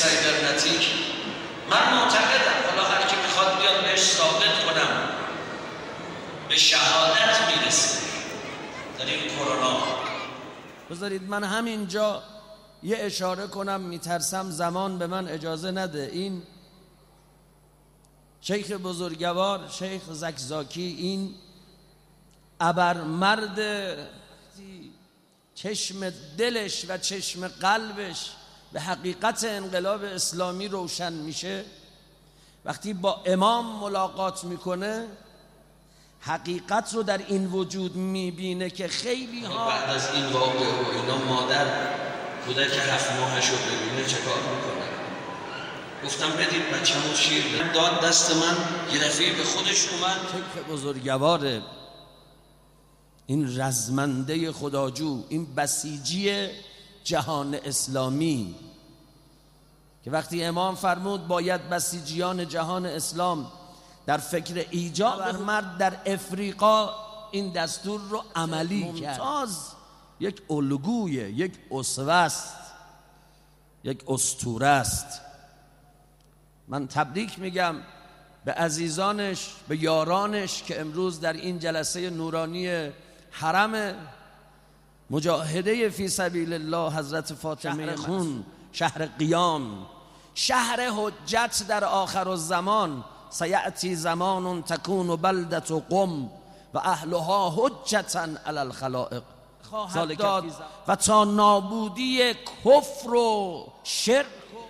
سایبرنتیک من معتقدم حالا که میخواد بیاد بهش ثابت کنم به شهادت میرسه در این کرونا بذارید من همینجا یه اشاره کنم میترسم زمان به من اجازه نده این شیخ بزرگوار شیخ زکزاکی این مرد چشم دلش و چشم قلبش به حقیقت انقلاب اسلامی روشن میشه وقتی با امام ملاقات میکنه حقیقت رو در این وجود میبینه که خیلی ها یعنی بعد از این واقع و اینا مادر بوده که هفت ماهش رو ببینه چه کار میکنه گفتم بدید بچه شیر داد دست من یه به خودش اومد تک بزرگواره این رزمنده خداجو این بسیجی جهان اسلامی که وقتی امام فرمود باید بسیجیان جهان اسلام در فکر ایجاد مرد در افریقا این دستور رو عملی کرد ممتاز یک الگویه یک اسوه یک استوره است من تبریک میگم به عزیزانش به یارانش که امروز در این جلسه نورانی حرم مجاهده فی سبیل الله حضرت فاطمه خون شهر قیام شهر حجت در آخر الزمان سیعتی زمان تکون بلدت و قم و اهلها حجتا علی الخلائق خواهد داد و تا نابودی کفر و شرک